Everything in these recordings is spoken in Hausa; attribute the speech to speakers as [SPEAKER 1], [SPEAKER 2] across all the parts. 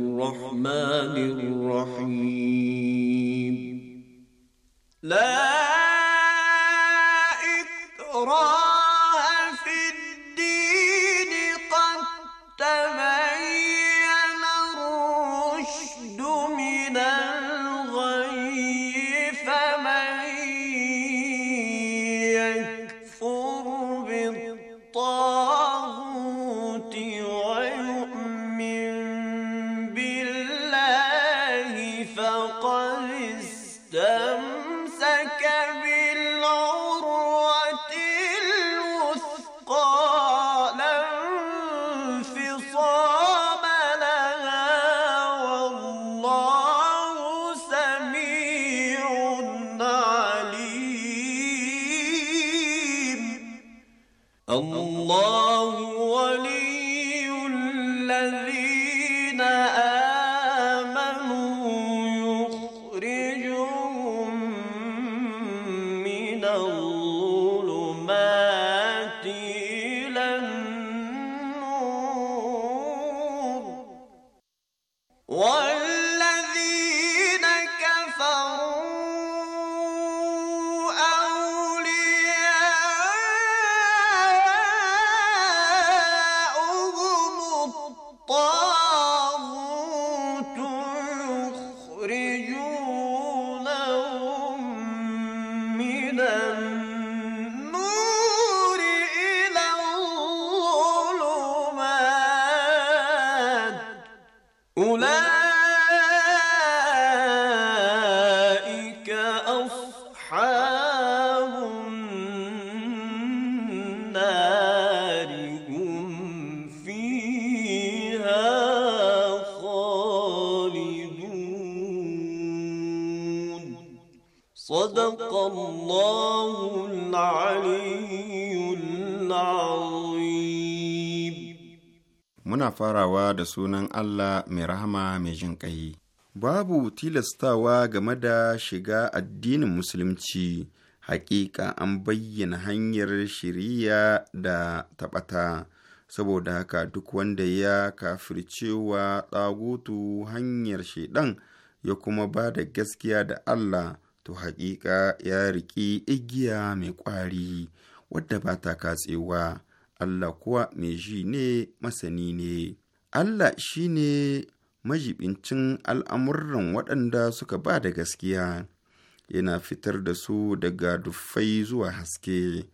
[SPEAKER 1] الرحمن الرحيم لا
[SPEAKER 2] muna farawa da sunan Allah mai rahama mai jin ƙai. Babu tilastawa game da shiga addinin Musulunci, hakika an bayyana hanyar shiriya da taɓata saboda haka duk wanda ya cewa tsagutu hanyar shaidan ya kuma ba da gaskiya da Allah to hakika ya riƙi igiya mai ƙwari wadda ba ta katsewa Allah kuwa mai ji ne masani ne Allah shi ne majibincin al'amuran waɗanda suka ba da gaskiya yana fitar da su daga duffai zuwa haske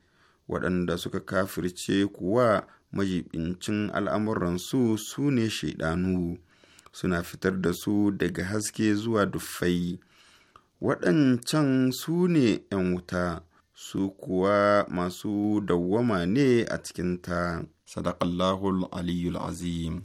[SPEAKER 2] waɗanda suka kafirce kuwa majibincin al'amuransu su ne shaidanu suna fitar da su daga haske zuwa duffai waɗancan su ne ‘yan wuta su kuwa masu dawwama ne a cikinta sadaƙallahul aliyul azim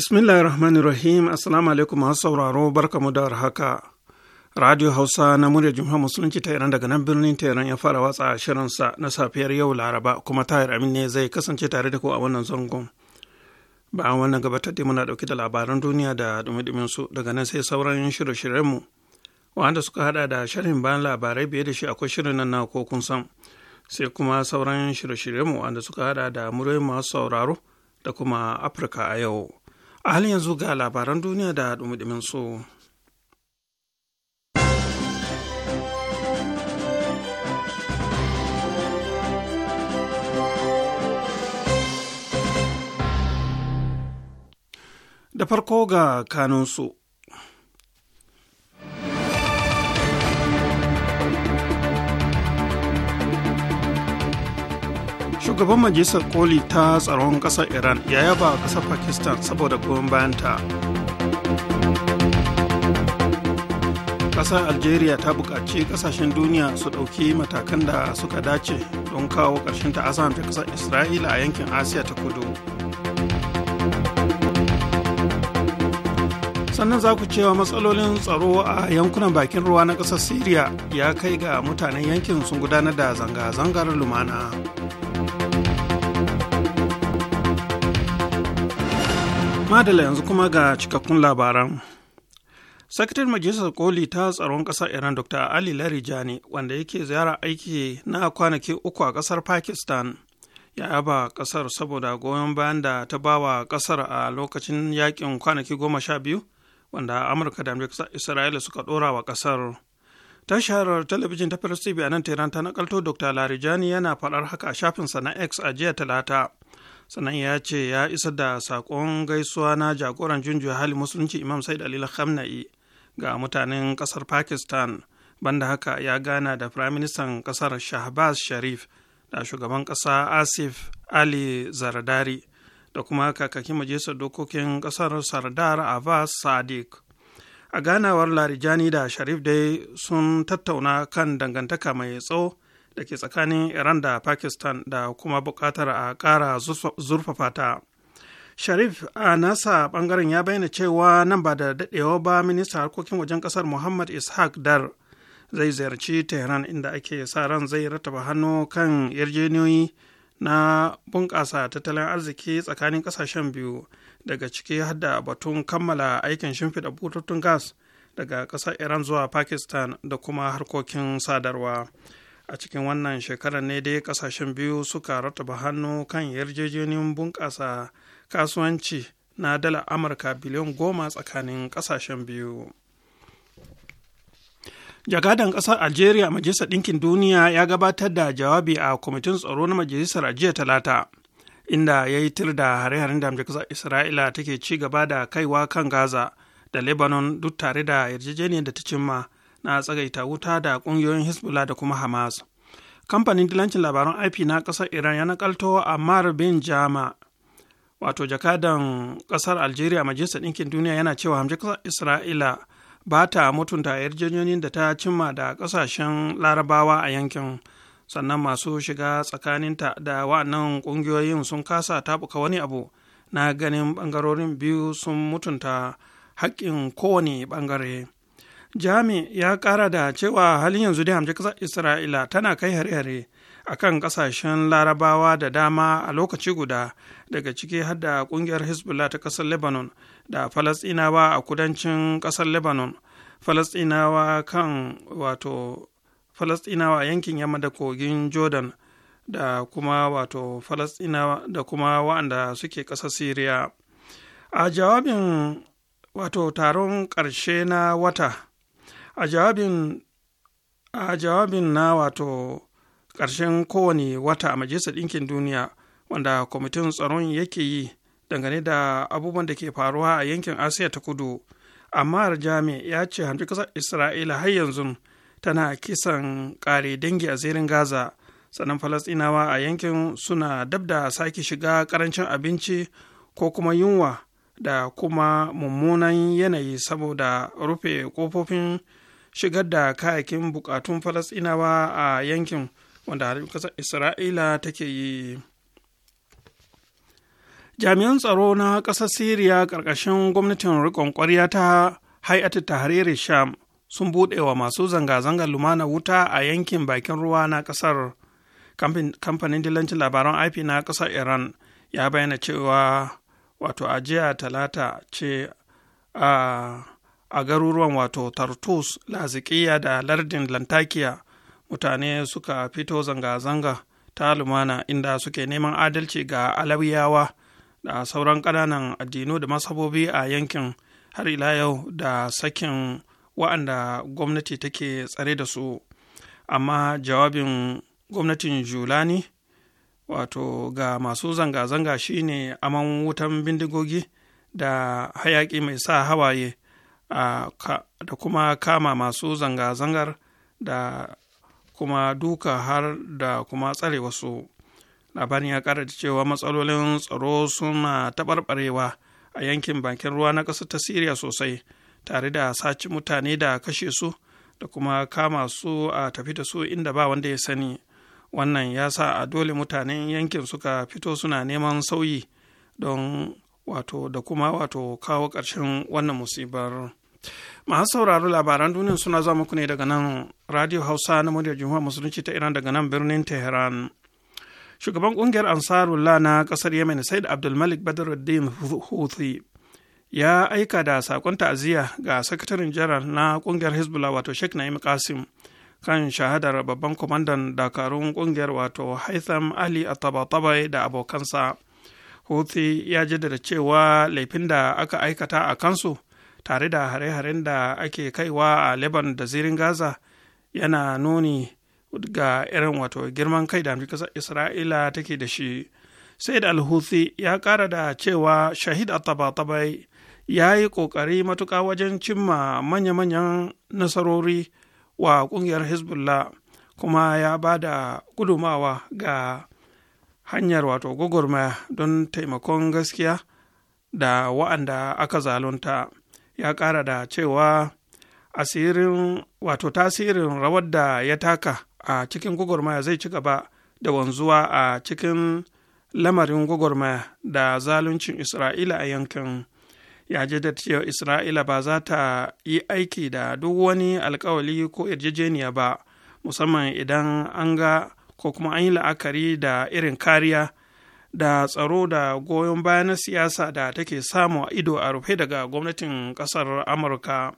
[SPEAKER 3] Bismillahir Rahmanir Rahim. Assalamu alaikum masu sauraro barkamu da haka. Radio Hausa na murya Jumha Musulunci ta Iran daga nan birnin Tehran ya fara watsa a shirinsa na safiyar yau Laraba kuma Tahir Amin ne zai kasance tare da ku a wannan zangon. Bayan wannan gabatar da muna dauki da labaran duniya da dumi su daga nan sai sauran shirye-shiryenmu wanda suka hada da sharhin bayan labarai biye da shi akwai shirin nan na ko kun san sai kuma sauran shirye-shiryenmu wanda suka hada da muryoyin masu sauraro da kuma Afirka a yau. a halin yanzu ga labaran duniya da dumudumin so. da farko ga kanunsu shugaban majalisar koli ta tsaron ƙasar iran ya yaba ƙasar pakistan saboda goyon bayanta ƙasar algeria ta buƙaci ƙasashen duniya su ɗauki matakan da suka dace don kawo ƙarshen ta ƙasar isra'ila a yankin asiya ta kudu sannan za ku cewa matsalolin tsaro a yankunan bakin ruwa na ƙasar syria ya kai ga mutanen yankin sun gudanar da zanga-zangar lumana. madala yanzu kuma ga cikakkun labaran sakitar majalisar koli ta tsaron ƙasar iran dr ali larijani wanda yake ziyara aiki na kwanaki uku a ƙasar pakistan ya yaba ƙasar saboda goyon bayan da ta bawa ƙasar a lokacin yakin kwanaki goma sha biyu wanda amurka da amurka isra'ila suka ɗora wa ƙasar tashar talabijin ta firis tv a nan tehran ta nakalto dr larijani yana faɗar haka a shafinsa na x a jiya talata sannan ya ce ya isa da saƙon gaisuwa na jagoran junjiyar hali musulunci imam sai alila khamna'i ga mutanen ƙasar pakistan banda haka ya gana da firaministan ƙasar shahbaz sharif da shugaban ƙasa asif ali zardari da kuma kakakin majalisar dokokin ƙasar sardar abbas sadiq a ganawar larijani da sharif dai sun tattauna kan dangantaka mai tsawo da ke tsakanin iran da pakistan da kuma bukatar a kara zurfafa ta sharif a nasa bangaren ya bayyana cewa nan ba da dadewa ba minista harkokin wajen kasar muhammad ishaq dar zai ziyarci tehran inda ake sa ran zai rattaba hannu kan yarjejeniyoyi na bunƙasa tattalin arziki tsakanin ƙasashen biyu daga ciki har batun kammala aikin shimfiɗa bututun gas daga ƙasar iran zuwa pakistan da kuma harkokin sadarwa a cikin wannan shekarar ne dai kasashen biyu suka rataba hannu kan yarjejeniyar bunƙasa kasuwanci na dala amurka biliyan goma tsakanin kasashen biyu jagadan ƙasar algeria majalisar ɗinkin duniya ya gabatar da jawabi a kwamitin tsaro na majalisar ajiyar jiya talata inda ya yi tir da hare-haren da majalisar isra'ila take ci gaba da kaiwa kan gaza da lebanon duk tare da yarjejeniyar da ta cimma na tsagaita wuta da kungiyoyin hezbollah da kuma hamas kamfanin dilancin labaran ip na kasar iran ya nakalto ammar bin jama wato jakadan ƙasar algeria majalisar ɗinkin duniya yana cewa hamshe ƙasar isra'ila ba ta mutunta yarjejeniyoyin da ta cimma da ƙasashen larabawa a yankin sannan masu shiga tsakaninta da wa'annan ƙungiyoyin sun kasa tabuka wani abu na ganin ɓangarorin biyu sun mutunta haƙƙin kowane ɓangare jami ya kara da cewa halin yanzu dai hamshe kasar isra'ila tana kai hare-hare a kan kasashen larabawa da dama a lokaci guda daga ciki har da kungiyar hezbollah ta kasar lebanon da falasinawa a kudancin kasar lebanon falasinawa kan wato falasinawa yankin yamma da kogin jordan da kuma wato falasinawa da kuma wa'anda suke kasar Siriya, a jawabin wato taron ƙarshe na wata a jawabin na wato ƙarshen kowane wata a majalisar ɗinkin duniya wanda kwamitin tsaron yake yi dangane da abubuwan da ke faruwa a yankin asiya ta kudu amma jami ya ce hamfi ƙasar isra'ila har yanzu tana kisan ƙare dangi a zirin gaza sannan falasɗinawa a yankin suna dab da sake shiga ƙarancin abinci ko kuma yunwa da kuma mummunan yanayi saboda rufe kofofin. shigar da kayakin bukatun Falasinawa a yankin wanda harin ƙasar isra'ila take yi jami'an tsaro na ƙasar siriya ƙarƙashin gwamnatin rikon ƙwarya ta hayatu tahariri sham sun buɗe wa masu zanga-zangar lumana wuta a yankin bakin ruwa na ƙasar kamfanin dillancin labaran ip na ƙasar iran ya bayyana cewa wato Ajiya talata ce a a garuruwan wato tartus lazikiya da lardin lantakiya mutane suka fito zanga-zanga ta lumana inda suke neman adalci ga alawiyawa da sauran ƙananan addinu da masabobi a yankin har ila yau da sakin wa'anda gwamnati take tsare da su amma jawabin gwamnatin julani wato ga masu zanga-zanga shine aman wutan bindigogi da hayaƙi mai sa hawaye da kuma kama masu zanga-zangar da kuma duka har da kuma tsare wasu labarin ya kara da cewa matsalolin tsaro suna taɓarɓarewa a yankin bakin ruwa na ƙasar ta siriya sosai tare da saci mutane da kashe su da kuma kama su a tafi da su inda ba wanda ya sani wannan ya sa a dole mutanen yankin suka fito suna neman sauyi don wato da kuma wato kawo ƙarshen wannan musibar. masu sauraro labaran duniya suna za muku ne daga nan radio hausa na muryar jumhuriyar musulunci ta iran daga nan birnin tehran shugaban kungiyar ansarullah na kasar yemen said abdulmalik badruddin houthi ya aika da sakon ta'aziyya ga sakataren jiran na kungiyar hezbollah wato sheikh na'im qasim kan shahadar babban kwamandan dakarun kungiyar wato haitham ali atabatabai da abokansa houthi ya jaddada cewa laifin da aka aikata a kansu tare da hare-haren da ake kaiwa a lebanon da zirin gaza yana nuni ga irin wato girman kai da Amurka isra'ila take da shi Sai da houthi ya kara da cewa shahid tabatabai ya yi ƙoƙari matuƙa wajen cimma manya-manyan nasarori wa ƙungiyar hezbollah kuma ya ba da gudumawa ga hanyar wato gwagwarmaya don taimakon gaskiya da wa'anda aka zalunta ya ƙara da cewa asirin wato tasirin rawar da ya taka a cikin gwagwarmaya zai ci gaba da wanzuwa a cikin lamarin gwagwarmaya da zaluncin isra'ila a yankin ya da cewa isra'ila ba za ta yi aiki da duk wani alkawali ko yarjejeniya ba musamman idan an ga ko kuma an yi la'akari da irin kariya da tsaro da goyon baya siyasa da take samu a ido a rufe daga gwamnatin ƙasar amurka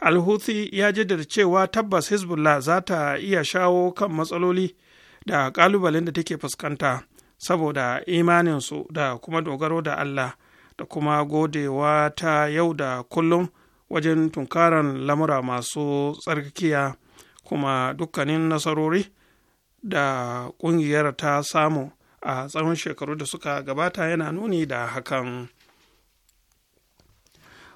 [SPEAKER 3] alhuthi ya jaddada cewa tabbas hezbollah za ta iya shawo kan matsaloli da ƙalubalen da take fuskanta saboda imaninsu da kuma dogaro da allah da kuma godewa ta yau da kullum wajen tunkaran lamura masu tsarkiya kuma dukkanin nasarori da ƙungiyar ta samu a tsawon shekaru da suka gabata yana nuni da hakan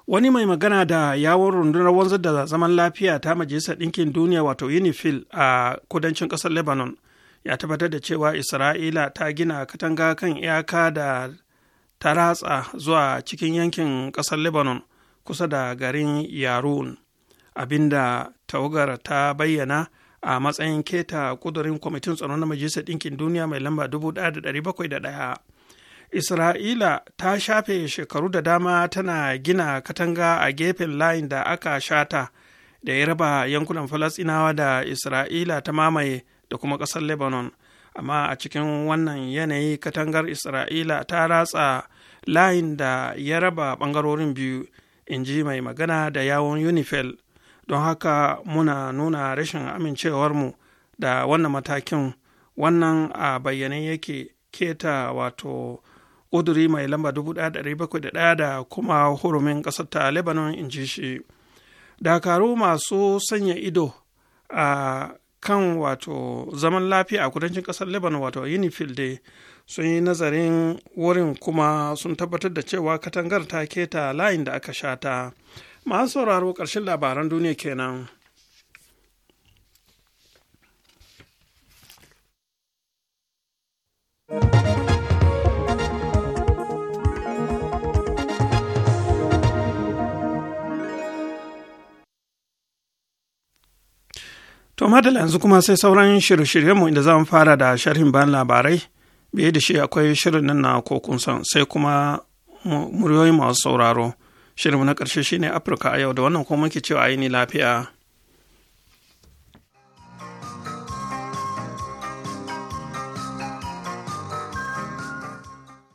[SPEAKER 3] wani mai magana da yawon rundunar wanzar da zaman lafiya ta majalisar ɗinkin duniya wato unifil a kudancin ƙasar lebanon ya tabbatar da cewa isra'ila ta gina katanga kan iyaka da ta ratsa zuwa cikin yankin ƙasar lebanon kusa da garin yarun abinda tawagar ta bayyana a matsayin keta kudurin kwamitin tsaron na majalisar ɗinkin duniya mai lamba 1701 isra'ila ta shafe shekaru da dama tana gina katanga a gefen layin da aka shata da ya raba yankunan falasinawa da isra'ila ta mamaye da kuma ƙasar lebanon amma a cikin wannan yanayi katangar isra'ila ta ratsa layin da ya raba ɓangarorin biyu in ji mai magana da yawon unifel don haka muna nuna rashin amincewar mu da wannan matakin wannan a bayyane yake keta wato ƙuduri mai lamba 1701 da kuma hurumin ƙasar ta lebanon in ji shi dakaru masu sanya ido a kan wato zaman lafiya a kudancin ƙasar lebanon wato unifil sun yi nazarin wurin kuma sun tabbatar da cewa katangar ta keta layin da aka sha ta masu sauraro ƙarshen labaran duniya kenan. To ma yanzu kuma sai sauran shirye-shiryenmu inda za mu fara da sharhin bayan labarai, biye da shi akwai shirin nan na kokun sai kuma muryoyi masu sauraro. shirin na ƙarshe shine afirka a yau da wannan kuma muke cewa yi lafiya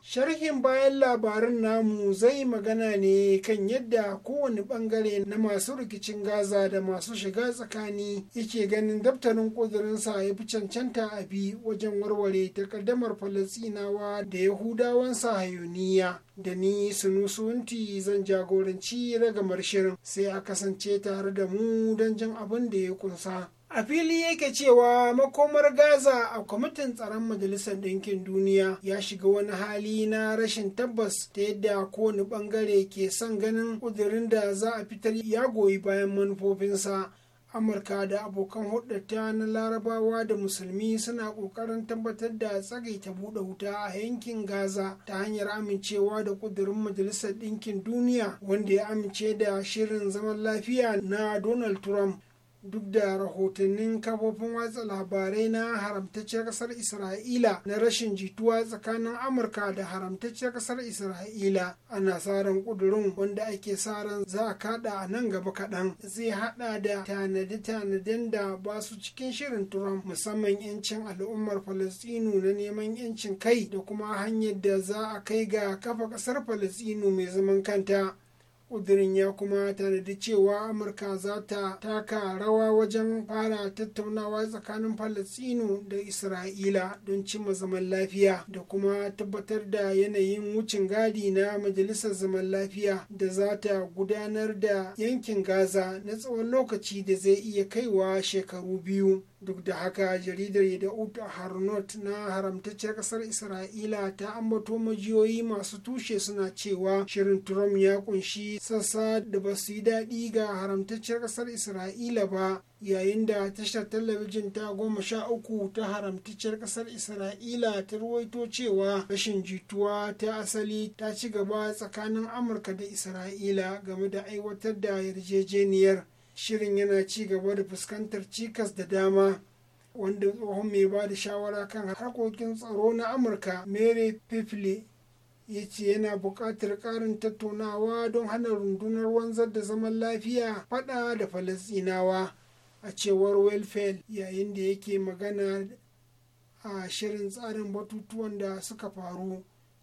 [SPEAKER 4] sharhin bayan labaran namu zai magana ne kan yadda kowane bangare na masu rikicin gaza da masu shiga tsakani yake ganin daftarin ƙudurinsa ya fi cancanta a bi wajen warware takaddamar falasinawa da yahudawan sahayuniya da ni sunusunti zan jagoranci ragamar shirin sai a kasance tare da mu don jin abin da ya kunsa. a fili yake cewa makomar gaza a kwamitin tsaron majalisar ɗinkin duniya ya shiga wani hali na rashin tabbas ta yadda kowane bangare ke son ganin ƙudurin da za a fitar ya goyi bayan manufofinsa amurka da abokan hudata na larabawa da musulmi suna ƙoƙarin tabbatar da tsagaita buɗe wuta a yankin gaza ta hanyar amincewa da ƙudurin majalisar ɗinkin duniya wanda ya amince da shirin zaman lafiya na donald trump duk da rahotannin kafofin watsa labarai na haramtacciyar kasar isra'ila na rashin jituwa tsakanin amurka da haramtacciyar kasar isra'ila ana tsarin kudurin wanda ake sa ran za a kada a nan gaba kaɗan zai haɗa da tanade-tanaden da ba su cikin shirin trump musamman yancin al'ummar falastinu na neman yancin kai da kuma hanyar da za a kai ga kafa kasar falastinu mai zaman kanta ƙudirin ya kuma tanadi cewa amurka za ta taka rawa wajen fara tattaunawa tsakanin Falasinu da isra'ila don cimma zaman lafiya da kuma tabbatar da yanayin wucin gadi na majalisar zaman lafiya da za ta gudanar da yankin gaza na tsawon lokaci da zai iya kaiwa shekaru biyu duk da haka jaridar yadda'ut harnot na haramtacciyar kasar isra'ila ta ambato majiyoyi masu tushe suna cewa shirin trump ya kunshi sassa da ba su yi daɗi ga haramtacciyar kasar isra'ila ba yayin da tashar talabijin ta goma sha uku ta haramtacciyar kasar isra'ila ta ruwaito cewa rashin jituwa ta asali ta ci gaba tsakanin amurka da isra'ila game da aiwatar da yarjejeniyar shirin yana ci gaba da fuskantar cikas da dama wanda tsohon mai ba da shawara kan harkokin tsaro na amurka mary pifle ya ce yana buƙatar ƙarin tattaunawa don hana rundunar wanzar da zaman lafiya fada da falasinawa a cewar welfare yayin da yake magana a shirin tsarin batutuwan da suka faru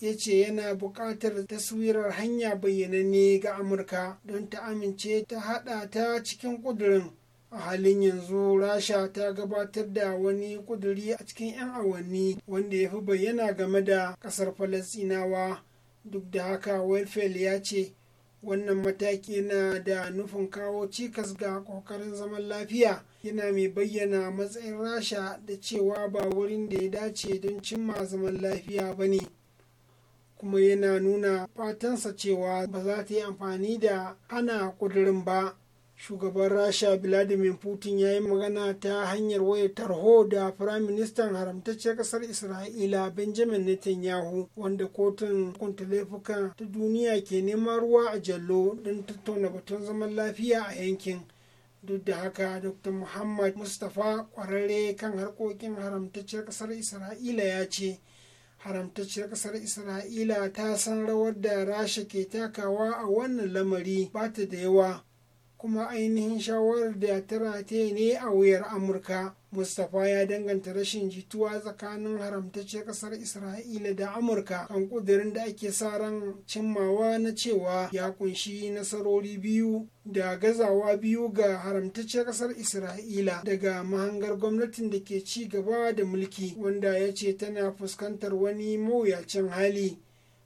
[SPEAKER 4] ya ce yana buƙatar taswirar hanya bayyananne ga amurka don ta amince ta haɗa ta cikin ƙudurin a halin yanzu rasha ta gabatar da wani ƙuduri a cikin 'yan awanni wanda ya fi bayyana game da ƙasar falasinawa duk da haka welfel ya ce wannan mataki yana da nufin kawo cikas ga ƙoƙarin zaman lafiya yana mai bayyana matsayin rasha da cewa ba wurin da ya dace don cimma zaman lafiya ba ne kuma yana nuna fatansa cewa ba za ta yi amfani da hana kudurin ba shugaban rasha vladimir putin ya yi magana ta hanyar wayar tarho da firaministan haramtacciyar kasar isra'ila benjamin netanyahu wanda kotun hukunta laifuka ta duniya ke neman ruwa a jallo don tattauna batun zaman lafiya a yankin duk da haka dr muhammad mustapha kwararre kan harkokin haramtacciyar kasar isra'ila ya ce haramtacciyar ƙasar isra'ila ta san rawar da rasha ke takawa a wannan lamari ba ta da yawa kuma ainihin shawarar da ta rataye ne a wuyar amurka mustapha ya danganta rashin jituwa tsakanin haramtacciyar kasar isra'ila da amurka kan kudirin da ake sa ran cimmawa na cewa ya kunshi nasarori biyu da gazawa biyu ga haramtacciyar kasar isra'ila daga mahangar gwamnatin da ke ci gaba da mulki wanda ya ce tana fuskantar wani mawuyacin hali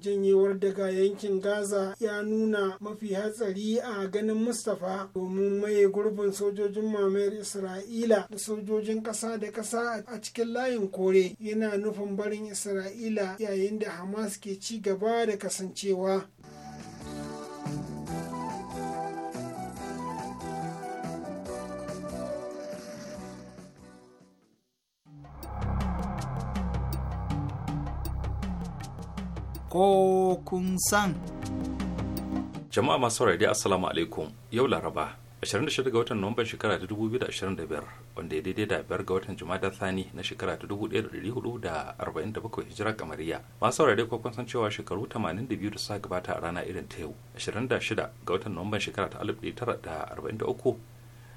[SPEAKER 4] janyewar daga yankin gaza ya nuna mafi hatsari a ganin mustapha domin maye gurbin sojojin mamayar isra'ila da sojojin kasa da kasa a cikin layin kore yana nufin barin isra'ila yayin da hamas ke ci gaba da kasancewa ko kun san.
[SPEAKER 5] Jama'a masu saurari Assalamu alaikum yau Laraba 26 ga watan Nuwamban shekara ta 2025 wanda ya daidai da biyar ga watan Juma'a Thani na shekara ta 1447 hijira kamariya. Masu saurari ko kun san cewa shekaru 82 da suka gabata a rana irin ta yau 26 ga watan Nuwamban shekara ta 1943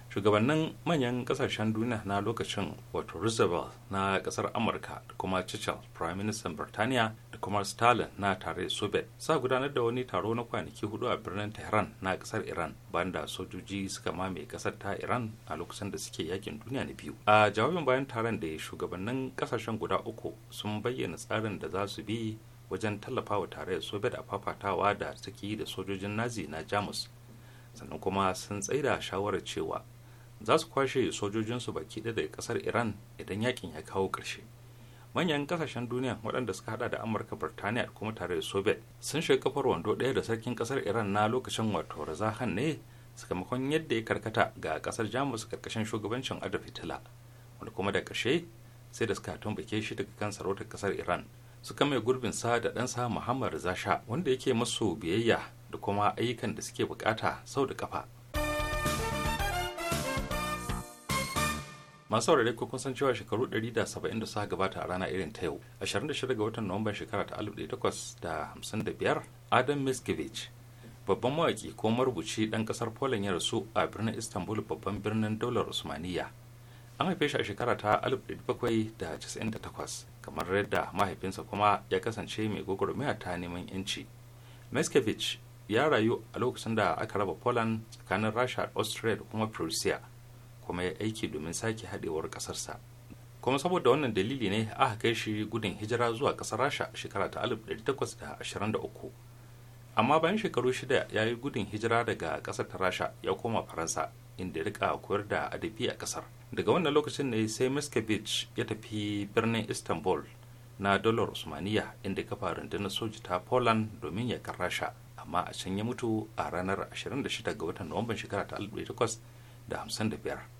[SPEAKER 5] shugabannin manyan kasashen duniya na lokacin wato roosevelt na kasar amurka da kuma churchill prime minister birtaniya da kuma stalin na tare soviet sa gudanar da wani taro na kwanaki hudu a birnin tehran na kasar iran bayan da sojoji suka mame kasar ta iran a lokacin da suke yakin duniya na biyu a jawabin bayan taron da shugabannin kasashen guda uku sun bayyana tsarin da za su bi wajen tallafawa tarayyar soviet a fafatawa da suke yi da sojojin nazi na jamus sannan kuma sun tsaida shawarar cewa za su kwashe sojojinsu baki ɗaya daga ƙasar iran idan yakin ya kawo ƙarshe manyan ƙasashen duniya waɗanda suka hada da amurka birtaniya da kuma tare da soviet sun shiga kafar wando ɗaya da sarkin ƙasar iran na lokacin wato razahan ne sakamakon yadda ya karkata ga ƙasar jamus karkashin shugabancin adolf hitler wanda kuma da ƙarshe sai da suka tumbake shi daga kan sarautar ƙasar iran suka mai gurbin sa da ɗansa muhammad zasha wanda yake masu biyayya da kuma ayyukan da suke bukata sau da kafa masu saurare ko kun san cewa shekaru 170 da suka gabata a rana irin ta yau 26 ga watan nuwamban shekara ta 1855 adam miskevich babban mawaki ko marubuci dan kasar poland ya rasu a birnin istanbul babban birnin daular usmaniya an haife shi a shekara ta 1798 kamar yadda mahaifinsa kuma ya kasance mai gwagwarmaya ta neman yanci miskevich ya rayu a lokacin da aka raba poland tsakanin rasha austria da kuma prussia kuma ya aiki domin sake haɗewar ƙasarsa kuma saboda wannan dalili ne aka kai shi gudun hijira zuwa ƙasar rasha shekara ta 1823 amma bayan shekaru shida ya yi gudun hijira daga ƙasar ta rasha ya koma faransa inda ya rika koyar da adabi a ƙasar daga wannan lokacin ne sai miskevich ya tafi birnin istanbul na dolar usmaniya inda kafa rundunar soji ta poland domin ya kan rasha amma a can ya mutu a ranar 26 ga watan nuwamban shekara ta 1855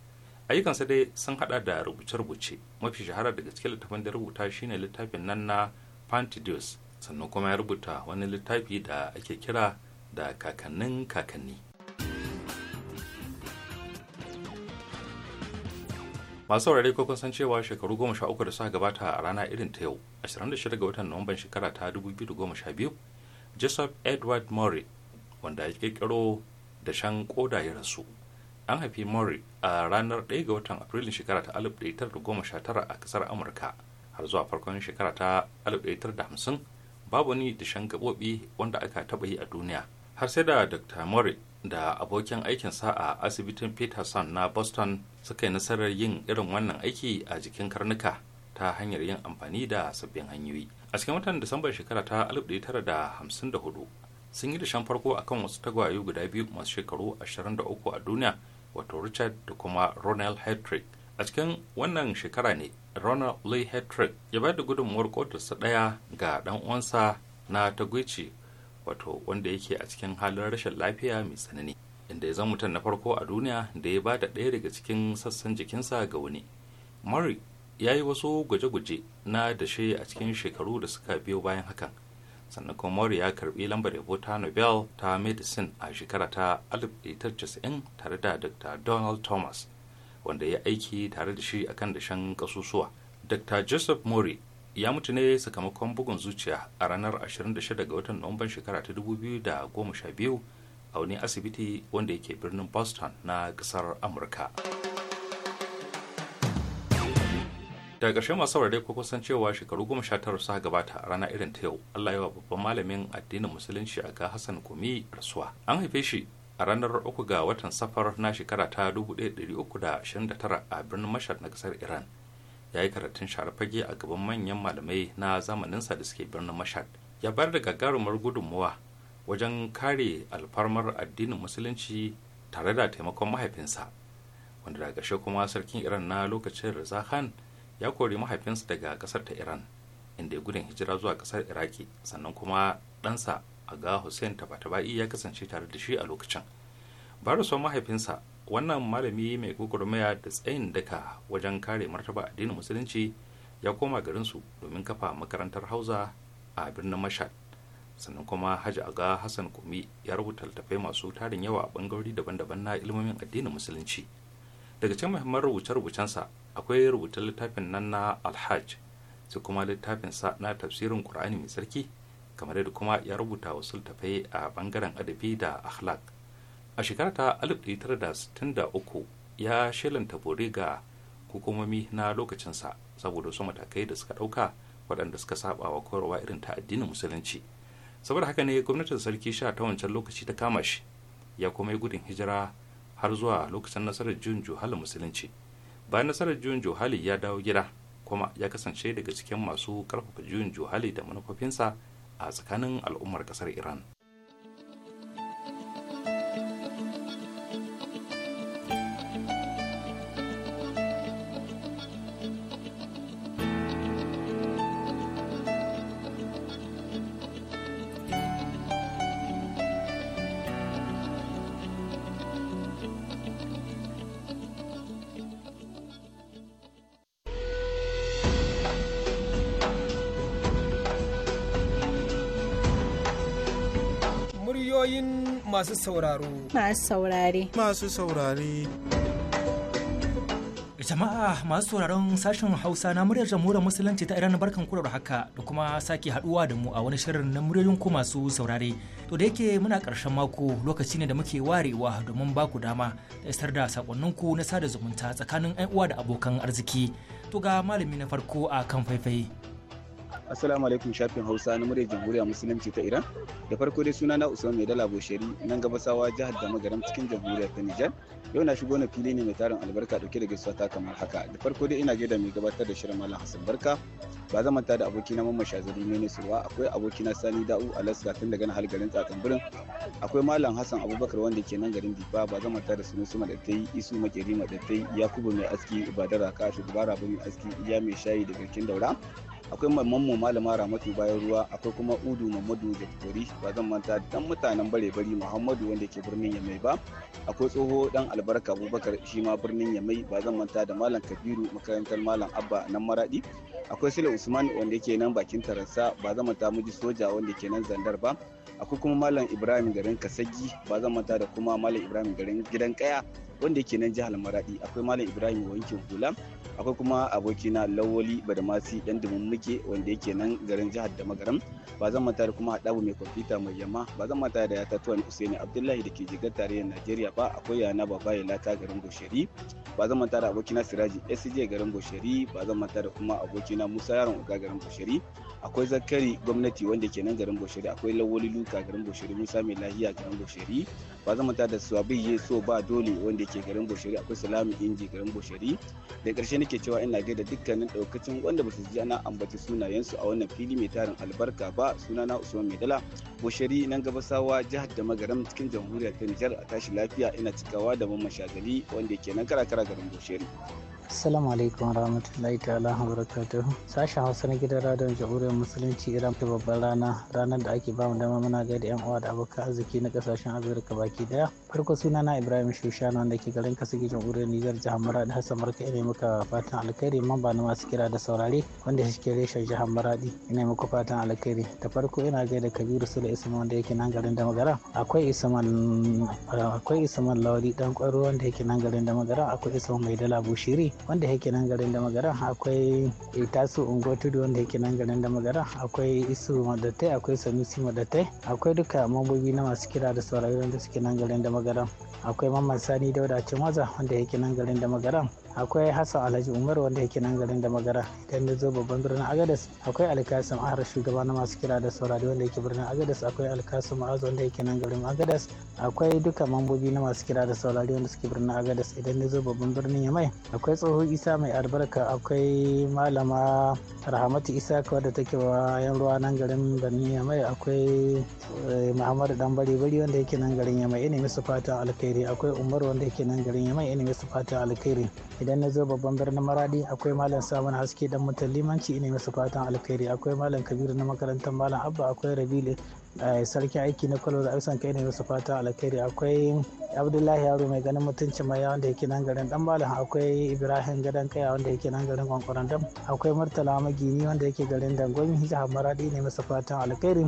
[SPEAKER 5] ayyukansa dai sun hada da rubuce-rubuce mafi shahara daga cikin littafin da rubuta shine littafin nan na pantidius sannan kuma ya rubuta wani littafi da ake kira da kakannin kakanni masu saurare ko kun cewa shekaru goma sha uku da suka gabata a rana irin ta yau 26 ga watan nuwamban shekara ta 2012 joseph edward murray wanda ya kirkiro da shan koda ya rasu an haifi mori a ranar 1 ga watan afrilun shekara ta 1919 a kasar amurka har zuwa farkon shekara ta 1950 babu da dashen gabobi wanda aka taba yi a duniya har sai da dr mori da abokin aikinsa a asibitin peterson na boston suka yi nasarar yin irin wannan aiki a jikin karnuka ta hanyar yin amfani da sabbin hanyoyi a cikin watan disambar shekara ta 1954 sun yi dashen farko akan wasu tagwaye guda biyu masu shekaru 23 a duniya wato richard da kuma ronald hedrick a cikin wannan shekara ne ronald lee ya bayar da gudunmuwar kotarsa ɗaya ga ɗan uwansa na Taguchi wato wanda yake a cikin halin rashin lafiya mai tsanani inda ya zama mutum na farko a duniya da ya ba da ɗaya daga cikin sassan jikinsa ga wani murray ya yi wasu gwaje-gwaje na da dashe a cikin shekaru da suka biyo bayan hakan sannan kuma mori ya karbi lambar yabo ta nobel ta medicine a shekara ta 1990 tare da dr donald thomas wanda ya aiki tare da shi akan dashen kasusuwa dr joseph mori ya mutu ne sakamakon bugun zuciya a ranar 26 ga watan nuwamban shekara ta 2012 a wani asibiti wanda yake birnin boston na kasar amurka. daga ƙarshe masu saurare ko kusan cewa shekaru goma sha tara suka gabata a rana irin ta yau allah ya wa babban malamin addinin musulunci a ga hassan kumi rasuwa an haife shi a ranar uku ga watan safar na shekara ta tara a birnin mashar na kasar iran ya yi karatun sharafage a gaban manyan malamai na zamaninsa da suke birnin mashar ya bayar da gagarumar gudunmuwa wajen kare alfarmar addinin musulunci tare da taimakon mahaifinsa wanda daga kuma sarkin iran na lokacin Reza ya kori mahaifinsa daga kasar ta iran inda ya gudun hijira zuwa kasar iraki sannan kuma ɗansa aga hussein tabatabai ya kasance tare da shi a lokacin barasuwar mahaifinsa wannan malami mai gugurmaya da tsayin daka wajen kare martaba addinin musulunci ya koma garinsu domin kafa makarantar hausa a birnin mashad sannan kuma hajji aga hassan kumi ya rubuta littattafai masu tarin yawa a bangarori daban-daban na ilimomin addinin musulunci daga cikin muhimman rubuce-rubucensa akwai rubuta littafin nan na alhaj sai kuma littafin sa na tafsirin qur'ani mai tsarki kamar yadda kuma ya rubuta wasu littafai a bangaren adabi da akhlaq a shekara ta 1963 ya shelanta bore ga hukumomi na lokacin sa saboda wasu matakai da suka dauka waɗanda suka saba wa koyarwa irin ta addinin musulunci saboda haka ne gwamnatin sarki sha ta wancan lokaci ta kama shi ya kuma yi gudun hijira har zuwa lokacin nasarar juyin juhalin musulunci bayan nasarar juyin johali ya dawo gida kuma ya kasance daga cikin masu karfafa juyin johali da manufofinsa a tsakanin al'ummar kasar iran
[SPEAKER 4] Ra'ayoyin masu sauraro. Masu saurare.
[SPEAKER 6] Masu saurare. jama'a masu sauraron sashen hausa na muryar jamhuriyar musulunci ta iran barkan da haka da kuma sake haduwa da mu a wani shirin na muryoyin ku masu saurare to da yake muna karshen mako lokaci ne da muke warewa domin ba ku dama da isar da ku na sada zumunta tsakanin 'yan uwa da abokan arziki to ga malami na farko a kan faifai
[SPEAKER 7] Assalamu alaikum shafin Hausa na murya Jamhuriya Musulunci ta Iran. Da farko dai suna na Usman Mai Dala Bosheri nan gabasawa jihar Damagaram cikin Jamhuriyar ta Nijar. Yau na shigo na fili ne mai tarin albarka dauke da gaisuwa ta kamar haka. Da farko dai ina gaida mai gabatar da shirin Malam Hassan Barka. Ba zan manta da abokina Mamman Shazali Mene Surwa, akwai abokina Sani Da'u Alaska tun daga nan har garin Tsatsan Birin. Akwai Malam Hassan Abubakar wanda ke nan garin Difa, ba zan manta da Sunusu Madattai, Isu Makeri Madattai, Yakubu Mai Aski, Ibadar Raka, Shugaba Rabu Mai Aski, Iya Mai Shayi da Birkin Daura. akwai mamman mu malama ramatu bayan ruwa akwai kuma udu mamadu da tori ba zan manta dan mutanen bare bari muhammadu wanda ke birnin yamai ba akwai tsoho dan albarka abubakar shi ma birnin yamai ba zan manta da malam kabiru makarantar malam abba nan maradi akwai sule usman wanda ke nan bakin taransa ba zan manta miji soja wanda ke nan zandar ba akwai kuma malam ibrahim garin kasagi ba zan manta da kuma malam ibrahim garin gidan kaya wanda yake nan jihar maradi akwai malam ibrahim wankin hula akwai kuma abokina lawoli badamasi dan dumin muke wanda yake nan garin jihar da magaram ba zan manta da kuma hadabu mai kwamfuta mai yamma ba zan manta da yata tuwan usaini abdullahi da ke jigar tarayyar najeriya ba akwai yana baba ya lata garin goshari ba zan manta da abokina siraji sj garin goshari ba zan manta da kuma abokina musa yaron uga garin goshari akwai zakari gwamnati wanda ke nan garin boshari akwai lawoli luka garin boshari musa mai lahiya garin boshari ba zama ta da suwabi ya so ba dole wanda ke garin boshari akwai salami inji garin boshari da karshe nake cewa ina gaida dukkanin daukacin wanda ba su ji ana ambaci sunayensu a wannan fili mai tarin albarka ba sunana usman maidala boshari nan gabasawa jihar da magaram cikin jamhuriyar ta nijar a tashi lafiya ina cikawa da mamman shagali wanda ke nan karakara garin boshari
[SPEAKER 8] assalamu alaikum warahmatullahi ta'ala wabarakatuh sashen hausa na gidan radon jamhuriyar musulunci iran ta babbar rana ranar da ake bamu dama muna gaida yan uwa da abokan arziki na kasashen amurka baki daya farko suna na ibrahim shushana wanda ke garin kasige jamhuriyar nijar jihar maradi hassan marka ina muka fatan alkhairi mamba na masu kira da saurare wanda ke reshen jihar maradi ina muku fatan alkhairi da farko ina gaida kabiru sule isma wanda yake nan garin damagara akwai isman akwai isman lawali dan kwaro wanda yake nan garin damagara akwai isman mai dala bushiri wanda yake nan garin damagara akwai itasu ungo wanda yake nan garin damagara magana akwai isu madatai akwai sanusi madatai akwai duka mambobi na masu kira da sauraron da suke nan garin da magaran akwai mamman sani dauda cimaza wanda yake nan garin da magaran akwai hassan alhaji umar wanda yake nan garin da magara idan na zo babban birnin agadas akwai alkasim ahar shugaba na masu kira da saurari wanda yake birnin agadas akwai alkasim ma'az wanda yake nan garin agadas akwai duka mambobi na masu kira da saurari wanda suke birnin agadas idan na zo babban birnin yamai akwai tsoho isa mai albarka akwai malama rahamatu isa kawai da take yan ruwa nan garin birnin yamai akwai eh, muhammadu dan bari bari wanda yake nan garin yamai ina misu fatan alkhairi akwai umar wanda yake nan garin yamai ina misu fatan alkhairi idan na zo babban birnin maradi akwai malam samun haske dan mutan limanci ina masa fatan alkhairi akwai malam kabiru na makarantar malam abba akwai rabilu eh, sarki aiki na da aisan kai ne masa fatan alkhairi akwai abdullahi yaro mai ganin mutunci mai yawan da yake nan garin dan malam akwai ibrahim gadan kaya wanda yake nan garin kwankwaran dam akwai murtala magini wanda yake garin dangwami jihar maradi ne masa fatan alkhairi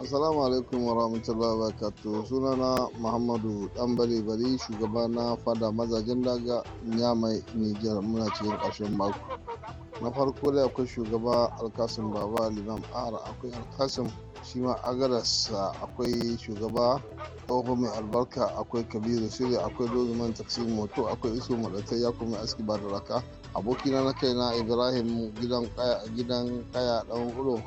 [SPEAKER 9] asalamu alaikum wa rahmatullahi wa suna Sunana Muhammadu Dan Bale Bari shugaba na fada mazajen daga Nyamai Nijar muna cikin ƙarshen mako. Na farko da akwai shugaba Alkasim Baba Liman Ahar akwai Alkasim shi ma agarasa akwai shugaba Ɗauko mai albarka akwai kabiru shirya akwai man taksi moto akwai iso maɗatai ya kuma aski ba da raka abokina na kaina ibrahim gidan kaya ɗan ulo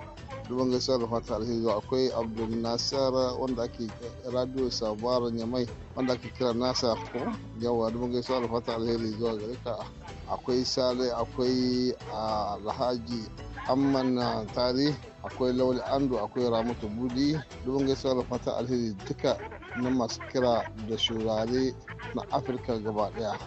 [SPEAKER 9] dubban gaisuwa da fata alheri akwai abdul nasar wanda ake radio sabuwar nyamai wanda ake kira nasa ko yawa dubban gaisuwa da fata alheri zuwa gare ka akwai sale akwai ah, alhaji amman tari akwai lauli ando akwai ramatu budi dubban gaisuwa da fata alheri duka na masu kira da shurare na afirka gaba daya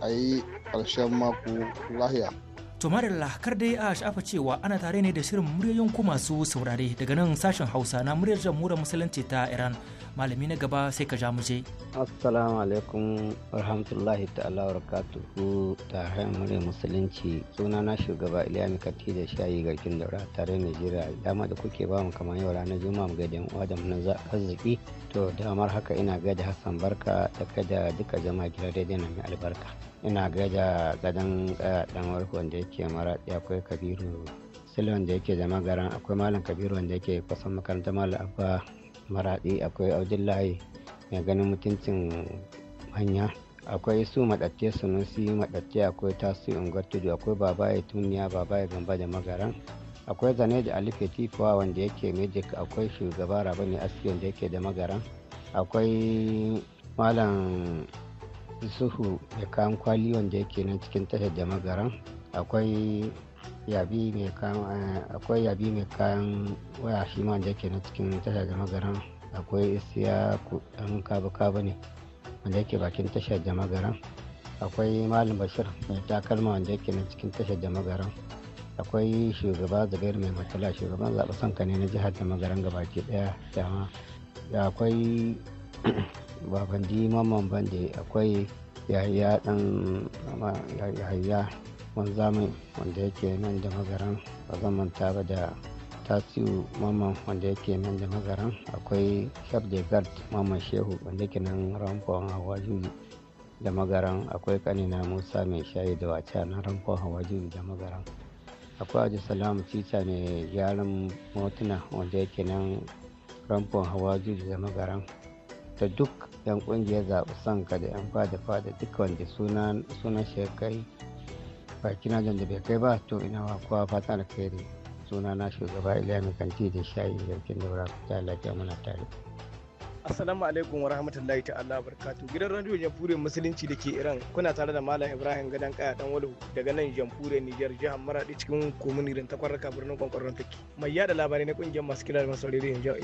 [SPEAKER 9] a yi ƙarshen mako lahiya
[SPEAKER 6] To madalla kar dai a shafa cewa ana tare ne da shirin muryoyin ku masu saurare daga nan sashen Hausa na muryar jamhuriyar musulunci ta Iran. Malami na gaba sai ka ja muje.
[SPEAKER 10] Assalamu alaikum warahmatullahi ta'ala barakatuhu hayan muryar musulunci suna na shugaba Iliya Mikati da shayi garkin daura tare Najeriya dama da kuke ba mu kamar yau ranar Juma'a mu gaida uwa da mun za arziki to damar haka ina gaida Hassan Barka da kada duka jama'a gidan rediyon mai albarka. ina gaida gadon tsaya eh, dan warko wanda yake maraɗi akwai kabiru sule wanda yake da magaran akwai malam kabiru wanda yake kusan makarantar malam abba maraɗi akwai abdullahi mai ganin mutuncin hanya akwai su maɗatte sunusi madatte akwai tasu unguwar tudu akwai babaye tuniya babaye gamba da magaran akwai zane da alife tifuwa wanda yake magic akwai shugaba rabani aski wanda yake da magaran akwai malam suhu mai kayan kwali wanda yake nan cikin tashar da magaran akwai yabi mai kayan eh, akwai yabi mai kayan waya shi ma wanda yake nan cikin tashar da magaran akwai isiya ɗan kaba kaba ne wanda yake bakin tashar da magaran akwai malam bashir mai takalma wanda yake nan cikin tashar da magaran akwai shugaba zubair mai matala shugaban zaɓe sanka ne na jihar da magaran gabaki ɗaya dama akwai babandi mamman bande akwai yahaya dan yahaya zamani wanda yake nan da magaran ba zan manta ba da tasiu mamman wanda yake nan da magaran akwai shaf de gard mamman shehu wanda yake nan ramfon hawa juju da magaran akwai kanina musa mai shayi da wace nan ramfon hawa juju da magaran akwai aji salamu cica mai gyaran motuna wanda yake nan ramfon hawa juju da magaran da duk 'yan ƙungiyar zaɓi sanka da 'yan fada fada duka wanda sunan kai baki na da bai kai ba to ina wa kowa fata alkhairi suna na shugaba iliya mai kanti da shayi yankin daura ta lafiya muna tare.
[SPEAKER 11] Assalamu alaikum wa rahmatullahi ta'ala barkatu. Gidan radio jamfure Musulunci da ke Iran kuna tare da Malam Ibrahim Gadan Kaya Dan Walu daga nan jamfure Nijar jihar Maradi cikin komunirin takwarraka birnin Kwankwaron Take. Mai yada labarai na kungiyar masu kila da masu rediyon jihar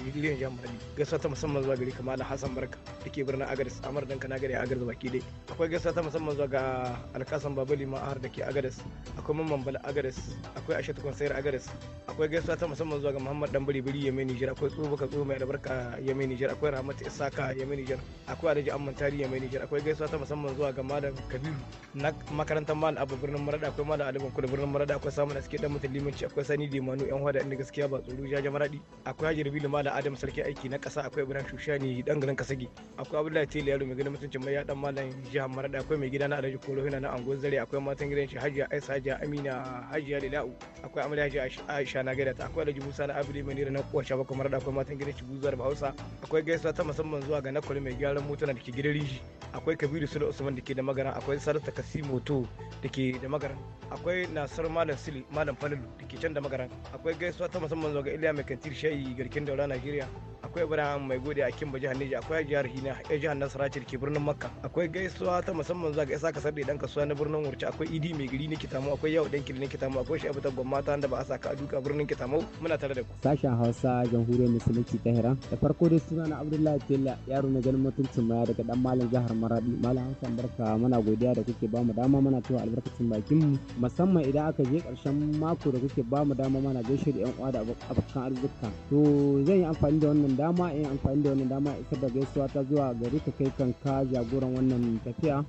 [SPEAKER 11] Maradi. Gaisuwa ta musamman zuwa gari Kamala Hassan Barka da ke birnin Agadez Amar Danka na gari Agadez baki dai. Akwai gaisuwa ta musamman zuwa ga Alkasan Babali Ma'ahar da ke Agadez. Akwai Mamman Bala Agadez. Akwai Ashatu Kwansayar Agadez. Akwai gaisuwa ta musamman zuwa ga Muhammad Dan Biri Biri Yemen Nijar. Akwai Tsohuka Tsohu Mai Albarka Yemen Nijar. Akwai Rahmat Alimatu Isaka ya mai Nijar akwai Alhaji Amman Tari ya mai Nijar akwai gaisuwa ta musamman zuwa ga Malam Kabiru na makarantar Malam Abu birnin Marada akwai Malam Aliban Kudu birnin Marada akwai Samun Aske dan mutum limanci akwai Sani Dimanu yan hada inda gaskiya ba tsoro jaje Maradi akwai Haji Rabilu Malam Adam Sarki aiki na kasa akwai Ibrahim Shushani dan garin Kasagi akwai Abdullahi Tele yaro mai gidan mutuncin mai dan Malam Jihar Marada akwai mai gida na Alhaji Koro Hina na Angon Zare akwai matan gidan shi Hajiya Aisha Hajiya Amina Hajiya Lilau akwai Amarya Hajiya Aisha na gaida ta akwai Alhaji Musa na Abdul Manira na Kuwa Shabaka Marada akwai matan gidan shi Buzar Bahausa akwai gaisuwa ta musamman zuwa ga nakwari mai gyaran motuna da ke gidan riji akwai kabiru sule usman da ke da magana akwai sarata kasi moto da ke da magana akwai nasar malam sili malam falilu da ke can da magana akwai gaisuwa ta musamman zuwa ga iliya mai kantir shayi garkin daura nigeria akwai ibrahim mai gode a kimba jihar neja akwai jihar hina a jihar nasara ce da ke birnin makka akwai gaisuwa ta musamman zuwa ga isa kasar da idan kasuwa na birnin wurce akwai idi mai gari ne kitamu akwai yau dan kiri ne kitamu akwai shi abuta gwamma ta da ba a saka a duka birnin kitamu muna tare da ku
[SPEAKER 12] sashen hausa jamhuriyar musulunci ta hira da farko dai suna na abdullahi Abdullahi yaro na ganin mutuncin maya daga dan malam jihar Maradi malam Hassan barka muna godiya da kuke bamu dama mana cewa albarkacin bakin mu musamman idan aka je karshen mako da kuke bamu dama mana gaishe da yan uwa da abokan arzika to zan yi amfani da wannan dama in amfani da wannan dama isar da gaisuwa ta zuwa gari ka kai kanka jagoran wannan tafiya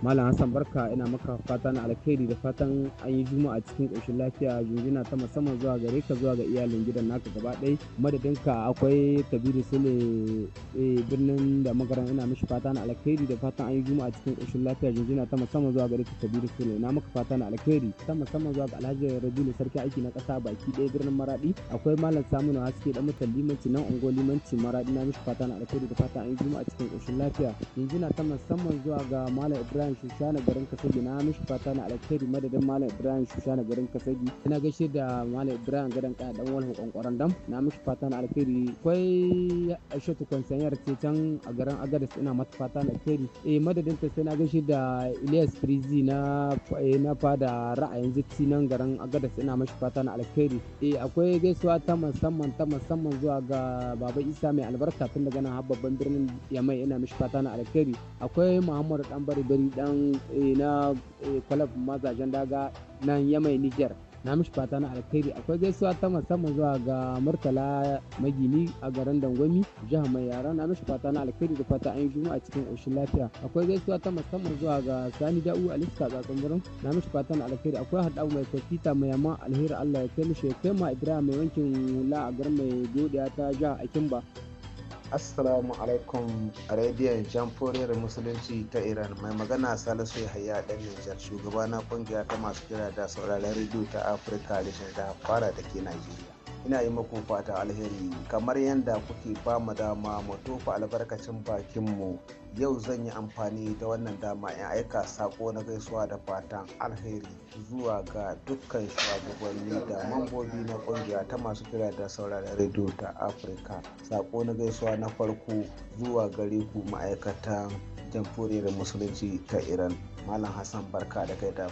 [SPEAKER 12] Malam Hassan barka ina maka fata na alkhairi da fatan an yi juma'a cikin ƙoshin lafiya jinjina ta musamman zuwa gare ka zuwa ga iyalin gidan naka gaba madadin madadinka akwai Kabiru Sule eh, birnin da magaran ina mishi fata na alkhairi da fatan an yi juma'a cikin ƙoshin lafiya jinjina ta musamman zuwa gare ka Kabiru Sule ina maka fata na alkhairi ta musamman zuwa ga Alhaji rabi'u sarki aiki na ƙasa baki ɗaya birnin Maradi akwai Malam Saminu Haske da mutan limanci nan ungo limanci Maradi na mishi fata na alkhairi da fatan an yi juma'a cikin ƙoshin lafiya jinjina ta musamman zuwa ga Malam Ibrahim ibrahim shushana garin kasagi na mishi fata na alkhairi madadin malam ibrahim shushana garin kasagi ina gaishe da malam ibrahim gadan ka dan walhu kwankwaran dam na mishi fata na alkhairi Aisha aishatu kwansanyar ce can a garin agadas ina mata fata na alkhairi eh madadin ta sai na gaishe da ilyas frizi na eh na fada ra'ayin zitti nan garin agadas ina mishi fata na alkhairi eh akwai gaisuwa ta musamman ta musamman zuwa ga baba isa mai albarka tun daga nan har babban birnin yamai ina mishi fata na alkhairi akwai muhammadu dan bari bari dan eh, na kwalab eh, mazajen daga nan yamai niger na mishi fata na alkhairi akwai gaisuwa ta musamman zuwa ga murtala magini a garin dangwami jihar mai yara na mishi fata na alkhairi da fata an yi a cikin ƙoshin lafiya akwai gaisuwa ta musamman zuwa ga sani da'u aliska tsatsin birnin na mishi fata na alkhairi akwai haɗabu mai tafita mai yamma alheri allah ya kai mishi ya kai ma ibrahim mai wankin hula a garin mai godiya ta jihar akimba
[SPEAKER 13] Assalamu alaikum a radiyon jamforiyar musulunci ta Iran mai magana Salisu Yahaya dan Nijar shugaba na ƙungiya ta masu kira da sauraron rediyo ta Afirka da fara da ke Najeriya. ina yi muku fata alheri kamar yadda kuke ba mu dama mu tofa albarkacin bakinmu yau zan yi amfani da wannan dama in aika sako na gaisuwa da fatan alheri zuwa ga dukkan shugabanni da mambobi na kungiya ta masu kira da saurara rediyo ta afirka sako na gaisuwa na farko zuwa gare ku ma'aikatan jamhuriyar musulunci ta iran malam hassan barka da kai da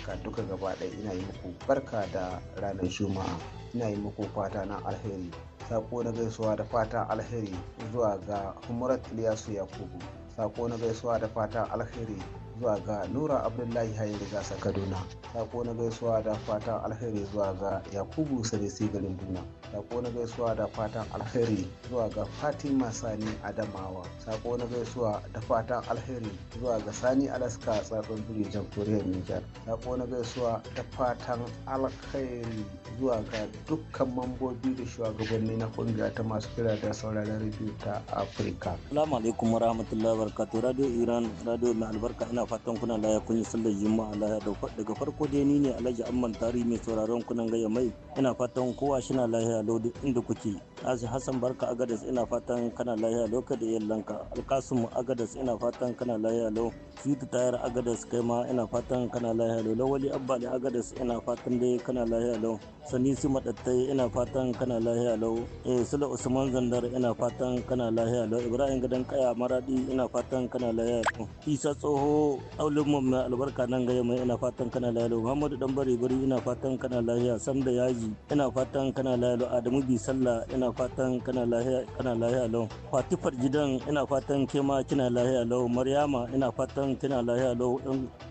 [SPEAKER 13] ka duka gaba ɗaya ina yi muku barka da ranar juma'a ina yi muku fata na alheri sako na gaisuwa da fata alheri zuwa ga humrat iliyasu yakubu sako na gaisuwa da fata alheri zuwa ga nura abdullahi hayi gasa kaduna sako na gaisuwa da fatan alheri zuwa ga yakubu sarisi garin duna sako na gaisuwa da fatan alheri zuwa ga fatima sani adamawa sako na gaisuwa da fatan alheri zuwa ga sani alaska tsatsun buri jamhuriyar niger sako na gaisuwa da fatan alheri zuwa ga dukkan mambobi da shugabanni na kungiya ta masu kira da sauraron rediyo ta
[SPEAKER 14] afirka salamu alaikum warahmatullahi wabarakatuh radio iran radio mai albarka ina fatan kuna laya kun yi sallar juma'a laya daga farko dai ni ne alhaji amman tari mai sauraron kunan gaya mai ina fatan kowa shina lahiya lodi inda kuke nashi hassan barka agadas ina fatan kana lahiya lau ka da yallanka alkasumu agadas ina fatan kana lahiya lo. sweet tayar agadas kai ma ina fatan kana lahiya lo. lawali abbali agadas ina fatan dai kana lahiya lo. sani su madattai ina fatan kana lahiya lo. eh sula usman zandar ina fatan kana lahiya lo. ibrahim gadan kaya maradi ina fatan kana lahiya lo. isa tsoho aulun Mamma albarka nan gaya mai ina fatan kana lahiya lo. muhammadu dan bari ina fatan kana lahiya sanda yaji ina fatan kana lahiya lo. adamu Bisalla ina fatan kana lahiya lau fatifar gidan ina fatan ke kina lahiya lau maryama ina fatan kina lahiya lau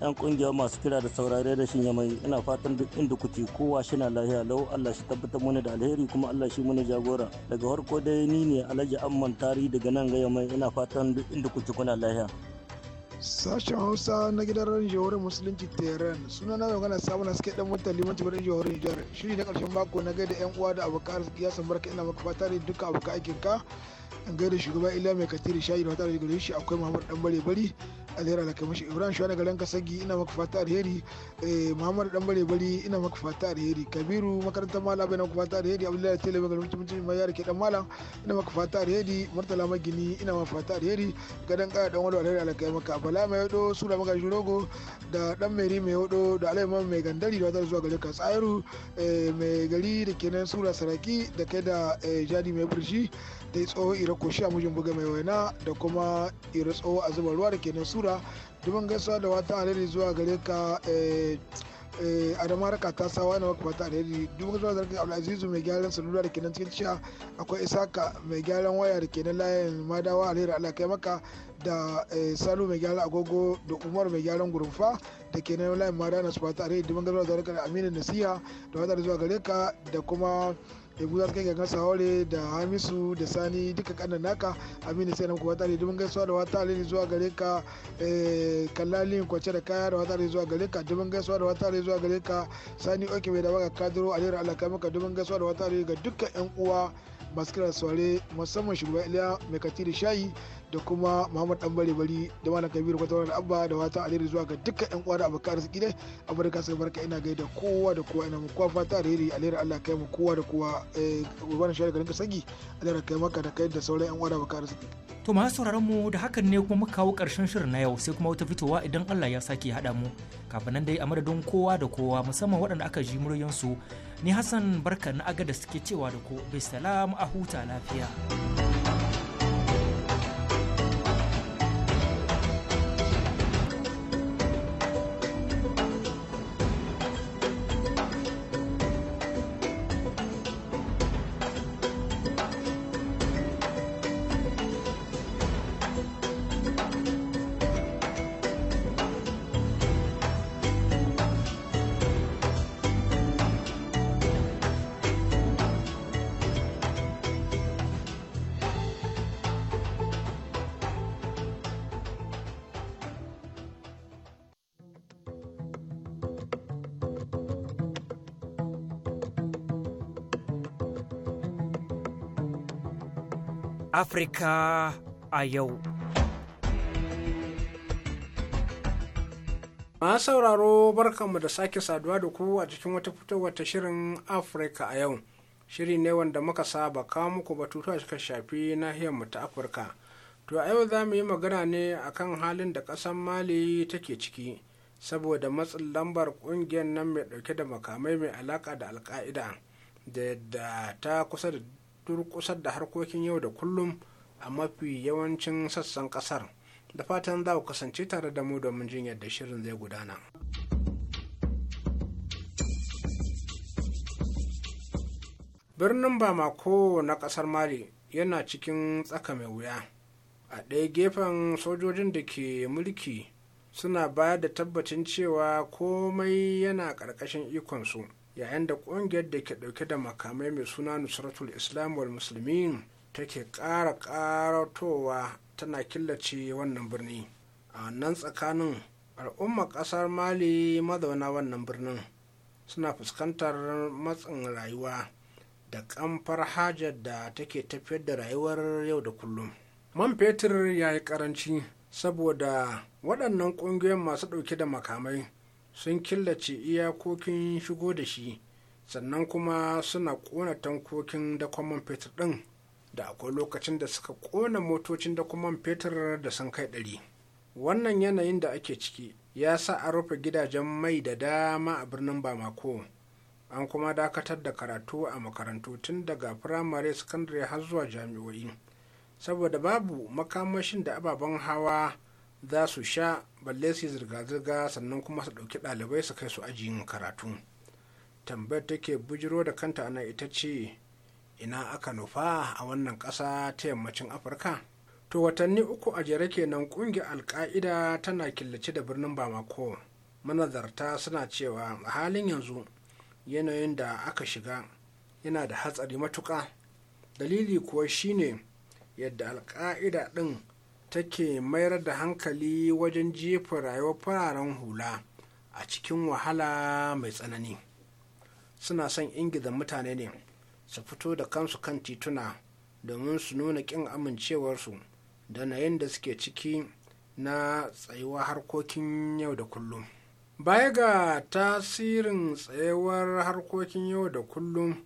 [SPEAKER 14] yan kungiyar masu kira da saurare da shin mai ina fatan duk inda kuke kowa shi na lahiya lau Allah shi tabbatar mana da alheri kuma Allah shi mana jagora daga farko dai ni ne Alhaji Amman Tari daga nan ga yamai ina fatan duk inda kuke kuna lahiya
[SPEAKER 15] Sashen Hausa na gidan ran jihohin Musulunci Tehran suna na magana samun na suke dan mutan limanci gudun jihohin jihar shiri na karshen mako na gaida yan uwa da abokan arziki ya barka ina maka fata ne duka abokan aikin ka an gaida shugaba ila mai katiri shayi da wata da gudun shi akwai Muhammad dan bare bari alheri alkamishi ibrahim shuwa daga ranka sagi ina maka fata alheri eh, muhammad dan bare bari ina maka fata alheri kabiru makarantar bai ina maka fata alheri abdullahi tele bai mutum mutum mai yare ke dan malam ina maka fata alheri murtala magini ina maka fata alheri gadan kaya dan wani alheri kai maka bala mai hudu sula maka rogo da dan meri mai hudu da alaima mai gandari da wata zuwa gare ka tsayaru eh, mai gari da kenan sura saraki da kai da eh, jadi mai burshi da tsoho ira koshi a mujin buga mai waina da kuma ira tsoho a zuba ruwa da kenan sura Kadura dubin gaisuwa da wata alheri zuwa gare ka eh, eh, da maraka ta sawa na maka fata alheri dubin gaisuwa da raka al'azizu mai gyaran salula da kenan cikin ciya akwai isaka mai gyaran waya da kenan layin madawa alheri ala kai maka da eh, salu mai gyaran agogo da umar mai gyaran gurufa da kenan nan layin madawa na su fata alheri dubin gaisuwa da raka aminu nasiha da wata zuwa gare ka da kuma da guza kai gangan sahore da hamisu da sani duka kanan naka aminu sai na muku wata domin gaisuwa da wata alheri zuwa gare ka eh, kallalin kwace da kaya da wata alheri zuwa gare ka domin gaisuwa da wata alheri zuwa gare ka sani oke mai da baka kadiro alheri alaka maka domin gaisuwa da wata alheri ga dukkan yan uwa masu kira saurare musamman shugaba iliya mai katiri shayi da kuma Muhammad Dan Bare Bari da Malam Kabiru Kwatawar da Abba da wata alheri zuwa ga dukkan ƴan uwa da abokan arziki ne Amurka sai barka ina gaida kowa da kowa ina mu kowa fata alheri alheri Allah kai mu kowa da kowa eh gurbana shari'a garin Kasagi Allah kai maka da kai da sauran ƴan uwa da abokan arziki
[SPEAKER 6] to ma sauraron mu da hakan ne kuma muka kawo karshen shirin na yau sai kuma wata fitowa idan Allah ya sake haɗa mu kafin nan dai a madadin kowa da kowa musamman waɗanda aka ji su ni Hassan barka na aga da suke cewa da ku bisalam a huta lafiya. Afirka a yau.
[SPEAKER 16] Ma sauraro barkanmu da sake saduwa da ku a cikin wata fitowar ta shirin Afirka a yau. Shiri ne wanda muka saba kawo muku batutuwa suka shafi mu ta Afirka. To a yau za mu yi magana ne akan halin da ƙasar Mali take ciki saboda matsin lambar ƙungiyar nan mai ɗauke da makamai mai alaka da alka'ida da ta kusa da durƙusar da harkokin yau da kullum a mafi yawancin sassan ƙasar da fatan za ku kasance tare da mu domin jin yadda shirin zai gudana. birnin bamako na kasar mali yana cikin tsaka mai wuya a ɗaya gefen sojojin da ke mulki suna bayar da tabbacin cewa komai yana ƙarƙashin ikonsu yayin da ƙungiyar da ke ɗauke da makamai mai suna nusratul islam wal musulmin take ƙara ƙaratowa tana killace wannan birni a wannan tsakanin al'ummar ƙasar mali mazauna wannan birnin suna fuskantar matsin rayuwa da kamfar hajar da take tafiyar da rayuwar yau da kullum man fetur ya yi karanci saboda waɗannan ƙungiyoyin masu ɗauke da makamai sun killace iyakokin shigo da shi sannan kuma suna kona tankokin da kwamman fetur ɗin da akwai lokacin da suka kona motocin da kwamman fetur da sun kai ɗari wannan yanayin da ake ciki ya sa a rufe gidajen mai da dama a birnin bamako an kuma dakatar da karatu a makarantu tun daga firamare sakandare har zuwa jami'o'i saboda babu makamashin da ababen hawa za su sha balle su zirga-zirga sannan kuma su ɗauki ɗalibai su kai su ajiyin karatu tambayar take bujiro da kanta ana ita ce ina aka nufa a wannan ƙasa ta yammacin afirka to watanni uku a jere kenan ƙungiyar alƙa'ida tana killace da birnin bamako manazarta suna cewa a halin yanzu yanayin da aka shiga yana da hatsari matuƙa dalili kuwa shine yadda alka'ida ɗin take mayar da hankali wajen jefa rayuwar fararen hula a cikin wahala mai tsanani suna son ingiza mutane ne su fito da kansu kan tituna domin su nuna ƙin amincewarsu da nayin da suke ciki na tsayuwa harkokin yau da kullum baya ga tasirin tsayuwar harkokin yau da kullum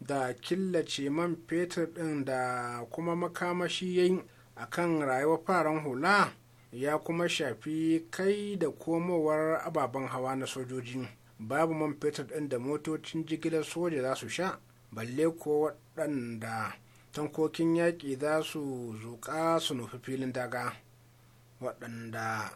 [SPEAKER 16] da killace man fetur ɗin da kuma makamashi yayin a kan rayuwar fararen hula ya kuma shafi kai da komowar ababen hawa na sojoji babu man fetur ɗin da motocin jigilar soja za su sha balle ko waɗanda tankokin yaƙi za su zuƙa su nufi filin daga waɗanda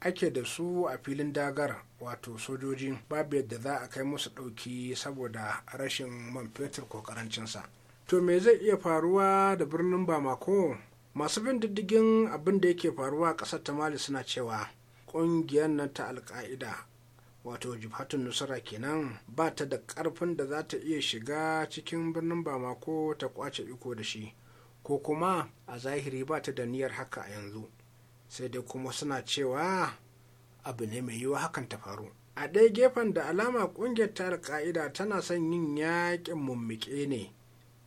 [SPEAKER 16] ake da su a filin dagar wato sojoji babu yadda za a kai musu ɗauki saboda rashin man fetur ko ƙarancinsa to me zai iya faruwa da birnin bamako masu bin diddigin abin da yake faruwa a ƙasar ta mali suna cewa ƙungiyar nan ta alka'ida wato jibhatun nusra kenan ba ta da ƙarfin da za ta iya shiga cikin birnin bamako ta kwace iko da shi ko kuma a zahiri ba ta da niyyar haka a yanzu sai dai kuma suna cewa abu ne mai yiwuwa hakan ta faru a ɗaya gefen da alama ƙungiyar ta alka'ida tana son yin yaƙin mummuke ne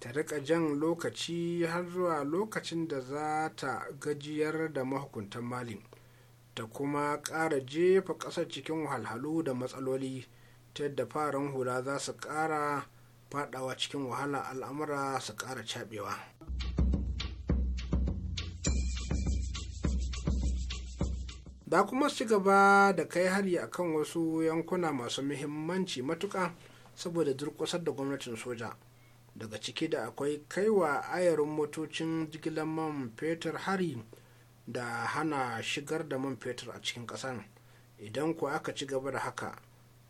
[SPEAKER 16] ta rika jan lokaci har zuwa lokacin da za ta gajiyar da mahukuntan malin ta kuma ƙara jefa ƙasar cikin wahalhalu da matsaloli ta yadda faran hula za su ƙara faɗawa cikin wahala al'amura su ƙara caɓewa. Da kuma su gaba da kai hari a kan wasu yankuna masu muhimmanci matuƙa saboda durƙusar da gwamnatin soja daga ciki da akwai kaiwa ayarin motocin jigilar man fetur hari da hana shigar da man fetur a cikin ƙasar idan ku aka ci gaba da haka